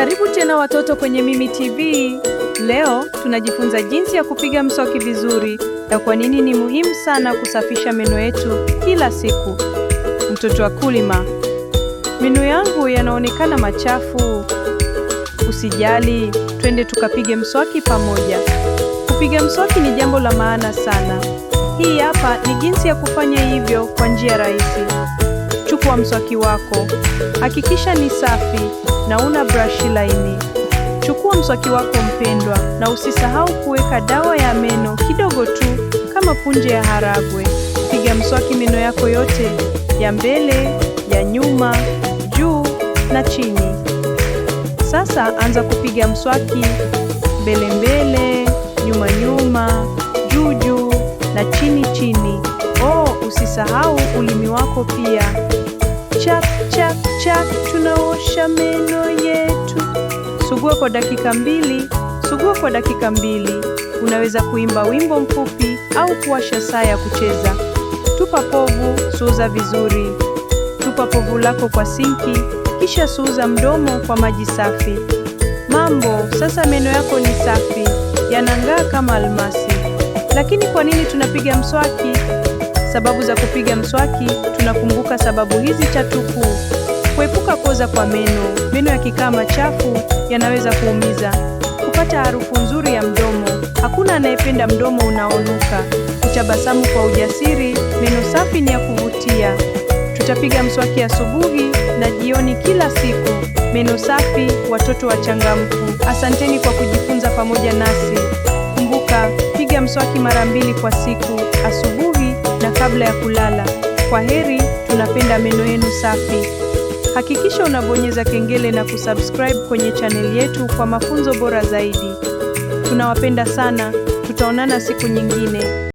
Karibu tena watoto kwenye Mimi TV. Leo tunajifunza jinsi ya kupiga mswaki vizuri na kwa nini ni muhimu sana kusafisha meno yetu kila siku. Mtoto wa kulima, meno yangu yanaonekana machafu. Usijali, twende tukapige mswaki pamoja. Kupiga mswaki ni jambo la maana sana. Hii hapa ni jinsi ya kufanya hivyo kwa njia rahisi kwa mswaki wako. Hakikisha ni safi na una brashi laini. Chukua mswaki wako mpendwa, na usisahau kuweka dawa ya meno kidogo tu, kama punje ya haragwe. Piga mswaki meno yako yote ya mbele, ya nyuma, juu na chini. Sasa anza kupiga mswaki mbele mbele, nyuma nyuma, juu juu na chini chini. Oh, usisahau ulimi wako pia. Chap chap chap, tunaosha meno yetu. Sugua kwa dakika mbili. Sugua kwa dakika mbili. Unaweza kuimba wimbo mfupi au kuwasha saa ya kucheza. Tupa povu, suuza vizuri. Tupa povu lako kwa sinki, kisha suuza mdomo kwa maji safi. Mambo, sasa meno yako ni safi, yanang'aa kama almasi. Lakini kwa nini tunapiga mswaki? Sababu za kupiga mswaki, tunakumbuka sababu hizi tatu kuepuka kuoza kwa meno, meno yakikaa machafu yanaweza kuumiza; kupata harufu nzuri ya mdomo, hakuna anayependa mdomo unaonuka; kutabasamu kwa ujasiri, meno safi ni ya kuvutia. Tutapiga mswaki asubuhi na jioni kila siku. Meno safi, watoto wachangamfu. Asanteni kwa kujifunza pamoja nasi. Kumbuka, piga mswaki mara mbili kwa siku, asubuhi kabla ya kulala. Kwa heri, tunapenda meno yenu safi. Hakikisha unabonyeza kengele na kusubscribe kwenye chaneli yetu kwa mafunzo bora zaidi. Tunawapenda sana, tutaonana siku nyingine.